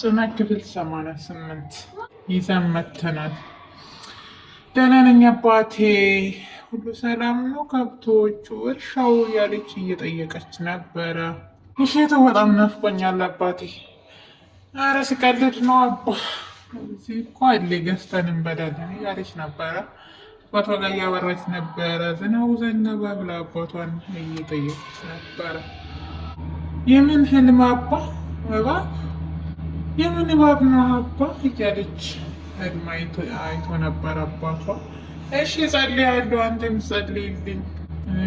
ጽናት ክፍል ሰማንያ ይዘን መተናል። ደህና ነኝ አባቴ፣ ሁሉ ሰላም ነው፣ ከብቶቹ፣ እርሻው እያለች እየጠየቀች ነበረ። እሸቱ በጣም ናፍቆኛል አባቴ። አረ ስቀልድ ነው አባ፣ እዚህ እኮ አለ ገዝተን እንበላለን እያለች ነበረ። አባቷ ጋር እያበራች ነበረ። ዝናቡ ዘነበ ብላ አባቷን እየጠየቀች ነበረ። የምን ህልም አባ እባክህ የምን እባብ ነህ አባት እያለች ህልም አይቶ ነበር አባቷ። እሺ ጸልያለሁ፣ አንተም ጸልይልኝ።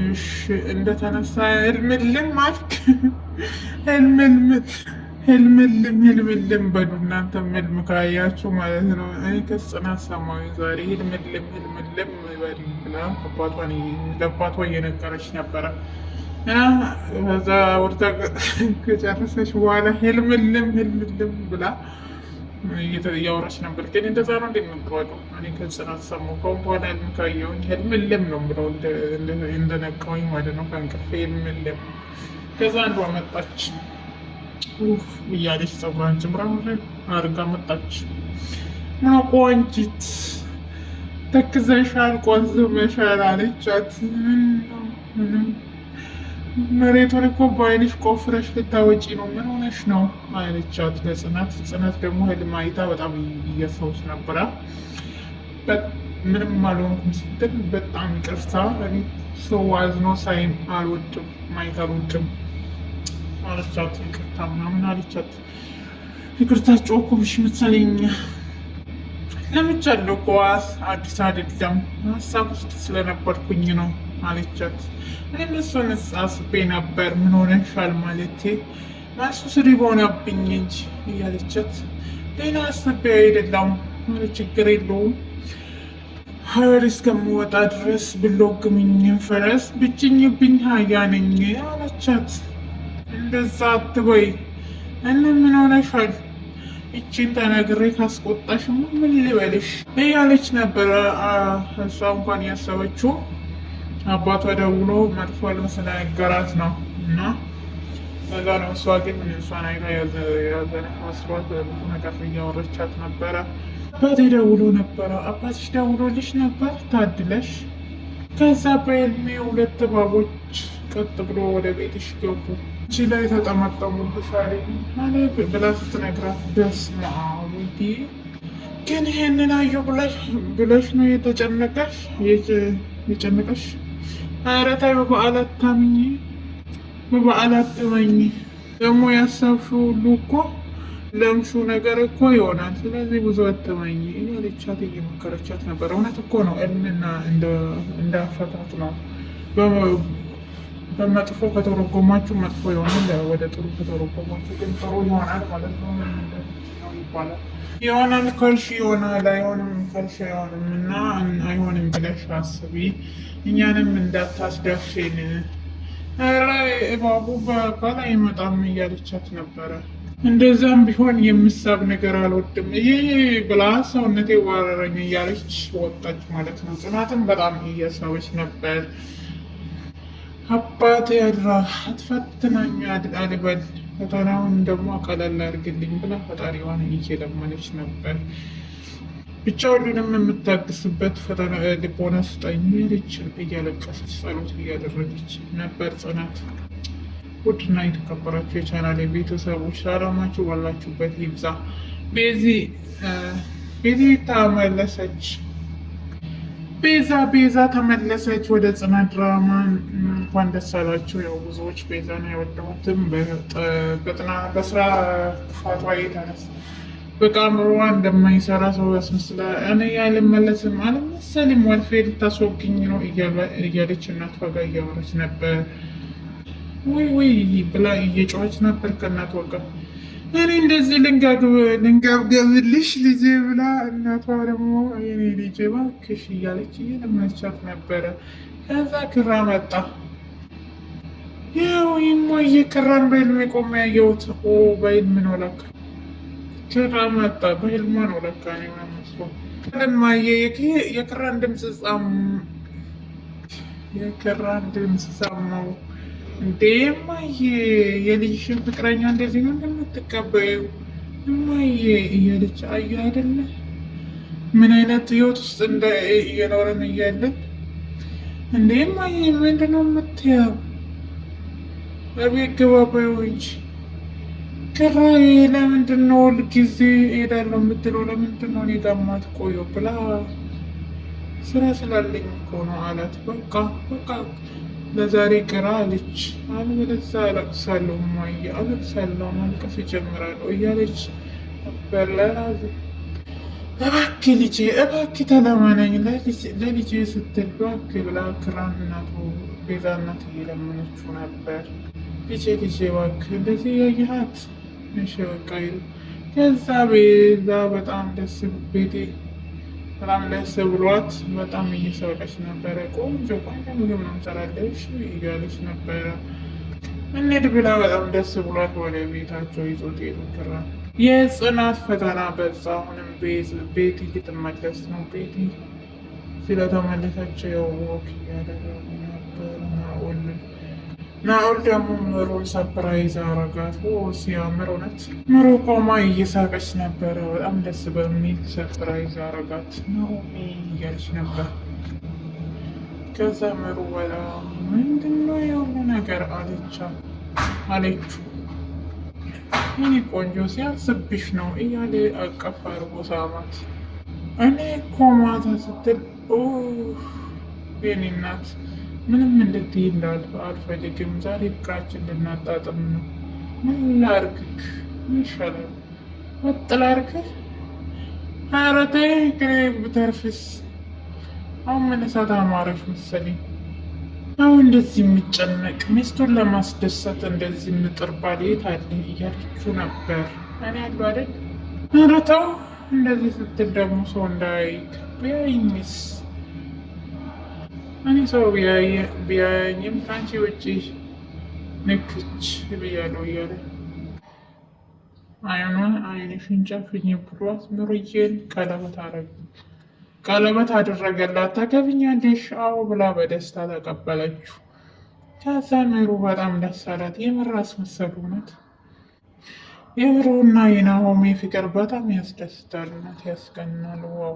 እሺ እንደተነሳ እልምልም አልክ። እልምልምት ህልምልም ህልምልም በሉ እናንተም ህልም ካያችሁ ማለት ነው። እኔ ከጽናት ሰማዊ ዛሬ ህልምልም ህልምልም በል ብላ አባቷን ለአባቷ እየነገረች ነበረ። ከዛ ወርታ ከጨረሰች በኋላ ህልምልም ህልምልም ብላ እያወራች ነበር። ግን እንደዛ ነው እንደምንቀወጠው እኔ ከጽናት ሰሙ ከሁን በኋላ ህልም ህልምልም ነው ብለው እንደነቃውኝ ማለት ነው ከእንቅልፍ ህልምልም። ከዛ አንዷ መጣች እያለች ፀጉሯን ጭምራ አድርጋ መጣች። ማቆንጂት ተክዘሻል፣ ቆንዝመሻል አለቻት። ምንም መሬቱን እኮ በአይንሽ ቆፍረሽ ልታወጪ ነው፣ ምን ሆነሽ ነው አይነቻት ለጽናት። ጽናት ደግሞ ህልም አይታ በጣም እየፈውስ ነበረ። ምንም አልሆንኩም ስትል በጣም ይቅርታ ሰው አዝኖ ሳይም አልወድም ማየት አልወድም አለቻት። ይቅርታ ምናምን አለቻት። ይቅርታ ጮኩብሽ ምትሰለኝ ለምቻለሁ እኮ አዲስ አይደለም ሀሳብ ውስጥ ስለነበርኩኝ ነው አለቻት። እኔም እሱን አስቤ ነበር ምን ሆነሻል ማለቴ ማሱ ስሪ በሆነብኝ እንጂ እያለቻት ሌላ አስቤ አይደለም ምን ችግር የለውም ሀረር እስከምወጣ ድረስ ብሎግምኝን ፈረስ ብጭኝብኝ ሀያ ነኝ አለቻት። እንደዛ አትበይ እና ምን ሆነሻል? ይቺን ተነግሬ ካስቆጣሽማ ምን ልበልሽ እያለች ነበረ እሷ እንኳን ያሰበችው አባቷ ደውሎ መጥፎ ልምስ ነገራት ነው እና ከዛ ነው። እሷ ግን እሷን አይታ ያዘነ መስሏት ብዙ ነገር እያወረቻት ነበረ። አባቴ ደውሎ ነበረ። አባትሽ ደውሎልሽ ነበር ታድለሽ። ከዛ በዕድሜ ሁለት እባቦች ቀጥ ብሎ ወደ ቤትሽ ገቡ። እቺ ላይ ተጠመጠሙብሻል ማለ ብላ ስትነግራት ደስ ማአሙዲ ግን ይህንን አየሁ ብለሽ ነው የተጨነቀሽ የጨነቀሽ ኧረ ተይ በበዓል አታምኝ፣ በበዓል አትመኝ። ደግሞ ያሰብሽው ሁሉ እኮ ለምሹ ነገር እኮ ይሆናል። ስለዚህ ብዙ አትመኝ እያለቻት እየመከረቻት ነበር። እውነት እኮ ነው። እልና እንዳፈታት ነው በመጥፎ ከተረጎማችሁ መጥፎ ይሆናል፣ ወደ ጥሩ ከተረጎማችሁ ግን ጥሩ ይሆናል ማለት ነው ይባላል። የሆነን ከልሽ ይሆናል አይሆንም፣ ከልሽ አይሆንም እና አይሆንም ብለሽ አስቢ። እኛንም እንዳታስደፍሽን። ኧረ እባቡ በኋላ አይመጣም እያለቻት ነበረ። እንደዛም ቢሆን የምሳብ ነገር አልወድም ይህ ብላ ሰውነቴ ዋረረኝ እያለች ወጣች ማለት ነው። ጽናትን በጣም እያሳበች ነበር። አባቴ አድራ አትፈትናኝ አልበል ፈተናውን ደግሞ ቀለል አድርግልኝ ብላ ፈጣሪዋን እየለመነች ነበር። ብቻ ሁሉንም የምታግስበት ልቦና ስጠኝ ልችል እያለቀሰች ጸሎት እያደረገች ነበር ጽናት። ውድና የተከበራችሁ የቻናል ቤተሰቦች ሰላማችሁ ባላችሁበት ይብዛ። ቤዚ ቤዚ ተመለሰች። ቤዛ ቤዛ ተመለሰች ወደ ጽናት ድራማ። እንኳን ደስ አላችሁ። ያው ብዙዎች ቤዛ ነው የወደሁትም በጥና በስራ ፋቷ የተነሳ በቃ አምሮዋ እንደማይሰራ ሰው ያስመስላ። እኔ አልመለስም አልመሰልም ወልፌ ልታስወግኝ ነው እያለች እናቷ ጋ እያወረች ነበር። ውይ ውይ ብላ እየጨዋች ነበር ከእናቷ ጋር እኔ እንደዚህ ልንገብገብልሽ ልጄ ብላ እናቷ ደግሞ እኔ ልጄ እባክሽ እያለች እየለመነቻት ነበረ። ከዛ ክራ መጣ። ያው ይሞዬ ክራን በህልሜ ቆሜ ያየሁት በህልም ነው ለካ። ክራ መጣ፣ በህልማ ነው ለካ ማየ የክራን ድምፅ ጻም የክራን ድምፅ ጻም ነው እንዴ እማዬ፣ የልጅሽን ፍቅረኛ እንደዚህ ነው እንደምትቀበይው እማዬ እያለች አየ አይደለ ምን አይነት ህይወት ውስጥ እየኖረን እያለን እንዴ እማዬ፣ ምንድን ነው የምትያው? እቤት ግባ በይው እንጂ ኪራዬ፣ ለምንድን ነው ሁልጊዜ እሄዳለሁ የምትለው? ለምንድን ነው እኔ ጋር የማትቆየው? ብላ ስራ ስላለኝ እኮ ነው አላት። በቃ በቃ ለዛሬ ቅራ አለች። አለበለዚያ አለቅሳለሁ ማየ አለቅሳለሁ ማልቀስ እጀምራለሁ እያለች ነበር። ለናዚ እባክህ ልጄ እባክህ ተለማናኝ ለልጄ ስትል እባክህ ብላ ክራን ቤዛናት እየለመነች ነበር። ልጄ ልጄ እባክህ እንደዚህ ያየሃት እሺ በቃ ከዛ ቤዛ በጣም ደስ ቤቴ ስራም ደስ ብሏት በጣም እየሰራች ነበረ። ቆንጆ ቆንጆ ምግብ ነው ምሰራለች እያለች ነበረ። እንሂድ ብላ በጣም ደስ ብሏት ወደ ቤታቸው ይዞት ሄዱ። ኪራ የጽናት ፈተና በዛ። አሁንም ቤቲ ልትመለስ ነው። ቤቲ ስለተመለሰች ያው ወክ እያደረጉ ነበረ ናሁል ደግሞ ምሩ ሰፕራይዝ አረጋት። ሲያምር እውነት ምሩ ቆማ እየሳቀች ነበረ። በጣም ደስ በሚል ሰፕራይዝ አረጋት። ናሆሚ እያለች ነበር። ከዛ ምሩ በጣም ምንድነው የሆነ ነገር አለቻ አለች። እኔ ቆንጆ ሲያስብሽ ነው እያለ አቀፍ አድርጎ ሳማት። እኔ ኮማታ ስትል የኔ እናት ምንም እንድትይል አልፈልግም። ዛሬ ፍቅራችን ልናጣጥም ነው። ምን ላርግክ? ይሻላል ወጥ ላርግህ? ኧረ ተይ ግሬ ብተርፍስ። አሁን ምን መነሳት አማረሽ መሰለኝ። አሁን እንደዚህ የሚጨነቅ ሚስቱን ለማስደሰት እንደዚህ ምጥር ባል የት አለ እያለችው ነበር። እኔ አለሁ አይደል? ኧረ ተው እንደዚህ ስትል ደግሞ ሰው እንዳያይክ ቢያይኝስ እኔ ሰው ቢያየኝም ከአንቺ ውጭ ንክች ብያለው እያለ አይኗን አይን ጨፍኝ ብሏት ምሩዬን ቀለበት አረግ ቀለበት አደረገላት። ታገቢኛለሽ? አዎ ብላ በደስታ ተቀበለችው። ከዛ ምሩ በጣም ደስ አላት። የምር አስመሰሉ። እውነት የምሩና የናሆሜ ፍቅር በጣም ያስደስታል። እውነት ያስቀናል። ዋው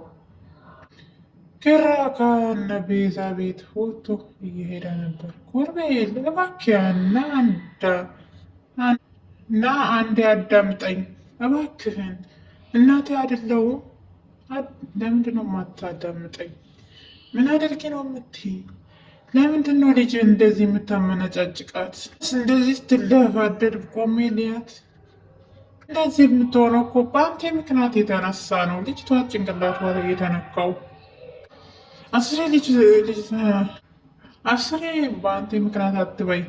ኪራ ከእነ ቤዛ ቤት ወጥቶ እየሄደ ነበር። ኮርቤል እባክህ ና አንዴ አዳምጠኝ እባክህን። እናቴ አደለው ለምንድን ነው የማታዳምጠኝ? ምን አደርጌ ነው የምትይ? ለምንድን ነው ልጅ እንደዚህ የምታመነጫጭቃት? እንደዚህ ስትለፋደድ ቆሜ ልያት እንደዚህ የምትሆነው እኮ በአንተ ምክንያት የተነሳ ነው። ልጅቷ ጭንቅላቷ የተነካው አስሬ ልጅ አስሬ በአንተ ምክንያት አትበይ፣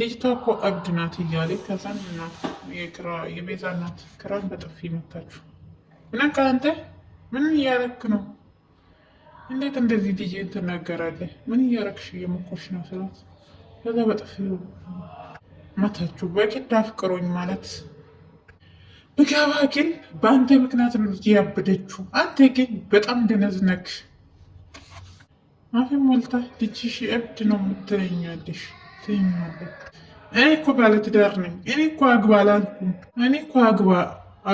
ልጅቷ እኮ እብድ ናት እያለ ከዛን የቤዛ እናት ክራን በጥፊ መታችሁ። ምነካ አንተ ምን እያረክ ነው? እንዴት እንደዚህ ልጅ ትናገራለህ? ምን እያረክሽ እየሞኮሽ ነው ስላት፣ ከዛ በጥፊ መታችሁ። በግድ አፍቅሮኝ ማለት ብገባ ግን በአንተ ምክንያት ነው ያበደችው። አንተ ግን በጣም ደነዝነክ አፌ ሞልታ ልጅሽ እብድ ነው የምትለኛለሽ ትለኛለች። እኔ እኮ ባለትዳር ነኝ። እኔ እኮ አግባ አላልኩም። እኔ እኮ አግባ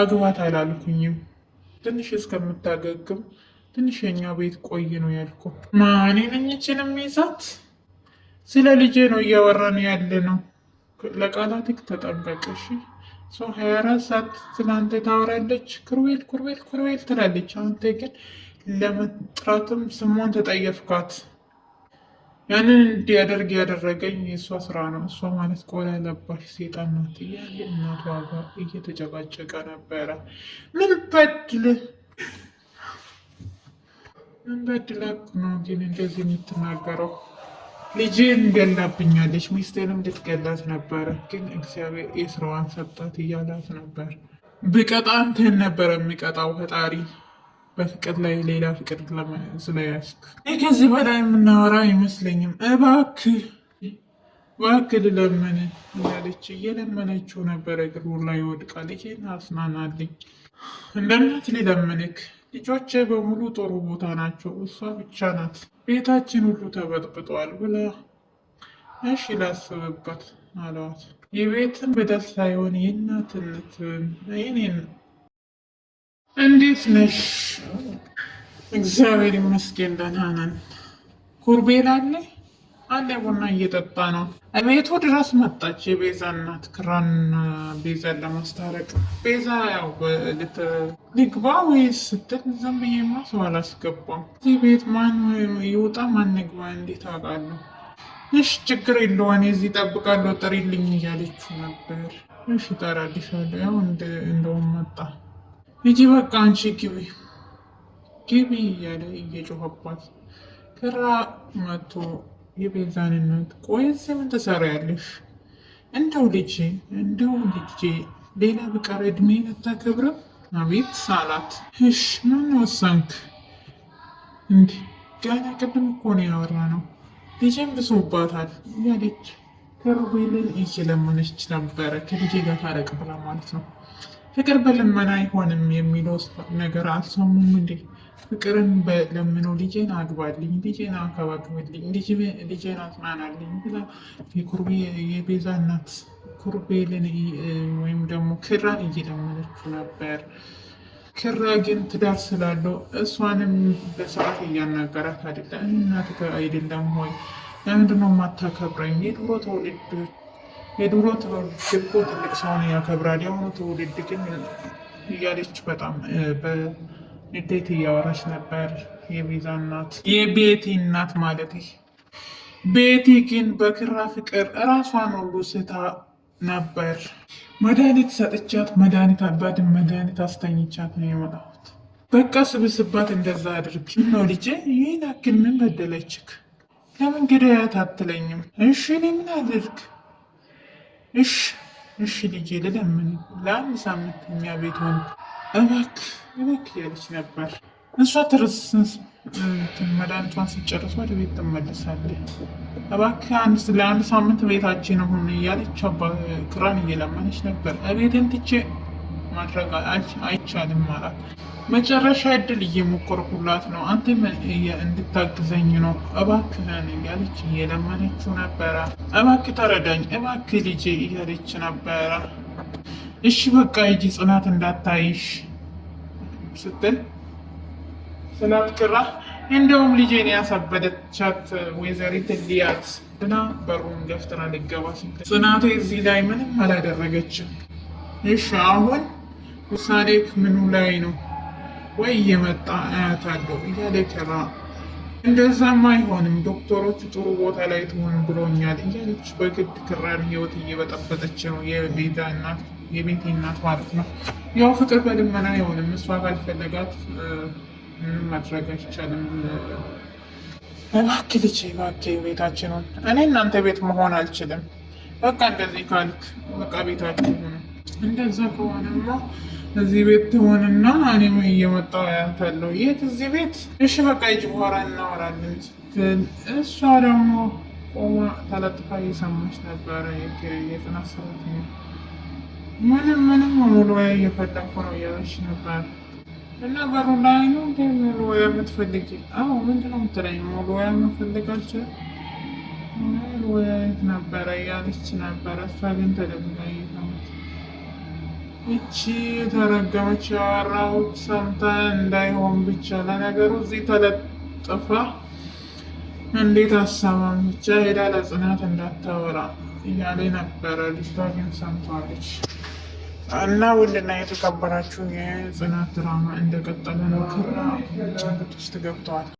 አግባት አላልኩኝም። ትንሽ እስከምታገግም ትንሽ የኛ ቤት ቆይ ነው ያልኩ። ማን ነኝችንም ይዛት ስለ ልጄ ነው እያወራን ያለ ነው። ለቃላትክ ተጠንቀቅሽ። ሰው ሀያ አራት ሰዓት ስለ ታወራለች። ኩርቤል ኩርቤል ኩርቤል ትላለች። አንተ ግን ለመጥራትም ስሟን ተጠየፍኳት። ያንን እንዲያደርግ ያደረገኝ የእሷ ስራ ነው። እሷ ማለት ቆዳ ለባሽ ሴጣን ናት እያለ እናቱ ጋር እየተጨቃጨቀ ነበረ። ምን በድል ምን በድላክ ነው ግን እንደዚህ የምትናገረው? ልጅን ገላብኛለች፣ ሚስቴንም ልትገላት ነበረ፣ ግን እግዚአብሔር የስራዋን ሰጣት እያላት ነበር። ብቀጣ አንተን ነበረ የሚቀጣው ፈጣሪ በፍቅር ላይ ሌላ ፍቅር ስለያዝክ ይህ ከዚህ በላይ የምናወራ አይመስለኝም። እባክ እባክህ ልለምን እያለች እየለመነችው ነበረ። እግሩ ላይ ወድቃል። ይሄን አስናናልኝ እንደ እናት ልለምንክ። ልጆች በሙሉ ጥሩ ቦታ ናቸው፣ እሷ ብቻ ናት። ቤታችን ሁሉ ተበጥብጧል ብላ እሺ ላስብበት አለዋት። የቤትን በደል ሳይሆን የእናትነትን እንዴት ነሽ? እግዚአብሔር ይመስገን ደህና ነን። ጉርቤል አለ አለ ቡና እየጠጣ ነው። እቤቱ ድረስ መጣች የቤዛ እናት ክራን ቤዛን ለማስታረቅ ቤዛ ያው ልግባ ወይስ ስትል ዝም ብዬ ማሰው አላስገባም። እዚህ ቤት ማን ይውጣ ማን ንግባ እንዴት አውቃለሁ? እሺ ችግር የለው እኔ እዚህ እጠብቃለሁ ጥሪልኝ እያለችው ነበር። እሺ እጠራልሻለሁ። ያው እንደውም መጣ ሂጂ በቃ አንቺ ግቢ ግቢ እያለ እየጮኸባት ክራ መቶ የቤዛን እናት ቆይ እዚህ ምን ትሰሪያለሽ? እንደው ልጄ እንደው ልጄ ሌላ ብቀር እድሜ አታከብርም? አቤት ሳላት። እሽ ምን ወሰንክ? እንዲ ገና ቅድም እኮ ነው ያወራነው። ልጄም ብሶባታል እያለች ከሩቤልን እየለመነች ነበረ ከልጄ ጋር ታረቅ ብላ ማለት ነው። ፍቅር በልመና አይሆንም የሚለው ነገር አልሰሙም እንዴ? ፍቅርን በለምኖ ልጄን አግባልኝ፣ ልጄን አንከባክብልኝ፣ ልጄን አጽናናልኝ ብላ የቤዛ እናት ኩርቤልን ወይም ደግሞ ክራን እየለመነችው ነበር። ክራ ግን ትዳር ስላለው እሷንም በሰዓት እያናገራት አይደለም። እናት አይደለም ሆይ ለምንድነው የማታከብረኝ? የድሮ ተውልድ የድሮ ትልቁ ትልቅ ሰውን ያከብራል፣ የአሁኑ ትውልድ ግን እያለች በጣም በንዴት እያወራች ነበር። የቤዛ እናት የቤቲ እናት ማለት ቤቲ ግን በክራ ፍቅር እራሷን ሁሉ ስታ ነበር። መድኃኒት ሰጥቻት መድኃኒት አባድን መድኃኒት አስተኝቻት ነው የመጣሁት። በቃ ስብስባት እንደዛ አድርግ ነው ልጄ። ይህን ያክል ምን በደለችክ? ለምን ግዳያት አትለኝም? እሺ እኔ ምን አድርግ እሽ እሽ ልጄ ልለምን ለአንድ ሳምንት እኛ ቤት ሆን እባክህ እባክህ እያለች ነበር። እሷ ትርስ መድኃኒቷን ስጨርስ ወደ ቤት ትመለሳለች። እባክህ ለአንድ ሳምንት ቤታችን ሆን እያለች ክራን እየለመነች ነበር። እቤትን ትቼ ማድረግ አይቻልም ማለት መጨረሻ እድል እየሞከርኩላት ነው፣ አንተ እንድታግዘኝ ነው እባክህን እያለች እየለመነችው ነበረ። እባክ ተረዳኝ፣ እባክ ልጄ እያለች ነበረ። እሺ በቃ ሂጂ፣ ጽናት እንዳታይሽ ስትል ጽናት ቅራ እንደውም ልጄን ያሳበደቻት ወይዘሪት ሊያት እና በሩን ገፍትና ልገባ ስትል ጽናቴ እዚህ ላይ ምንም አላደረገችም። እሺ አሁን ውሳኔክ ምኑ ላይ ነው ወይ እየመጣ አያታለሁ እያለ ኬራ እንደዛም አይሆንም ዶክተሮች ጥሩ ቦታ ላይ ትሆን ብሎኛል እያለች በግድ ክራር ህይወት እየበጠበጠች ነው የቤቴ እናት ማለት ነው። ያው ፍቅር በልመና አይሆንም። እሷ ካልፈለጋት ምንም ማድረግ አይቻልም። እባክህ ልጄ እባክህ ቤታችን እኔ እናንተ ቤት መሆን አልችልም። በቃ እንደዚህ ካልክ በቃ ቤታችን ሁኑ። እንደዛ ከሆነማ እዚህ ቤት ትሆንና እኔም እየመጣሁ ያንተለው የት እዚህ ቤት እሺ፣ በቃ ይጭ በኋላ እናወራለን ስትል እሷ ደግሞ ቆማ ተለጥፋ እየሰማች ነበረ። የጥናት ሰራተኛ ምንም ምንም ሙሉ እየፈለኩ ነው እያለች ነበር። እና በሩ ላይ ነው እንደ ሙሉ የምትፈልጊ? አዎ፣ ምንድን ነው የምትለኝ? ሙሉ የምትፈልጋቸው ሙሉ የት ነበረ እያለች ነበረ። እሷ ግን ተደብላ እየሰማች እቺ ተረገመች ያወራሁት ሰምታ እንዳይሆን ብቻ ለነገሩ እዚህ ተለጥፋ እንዴት አሳማም ብቻ ሄዳ ለጽናት እንዳታወራ እያለ ነበረ። ልጅቷ ግን ሰምቷለች። እና ውድና የተከበራችሁ የጽናት ድራማ እንደቀጠለ ነው። ክራ ውስጥ ገብተዋል።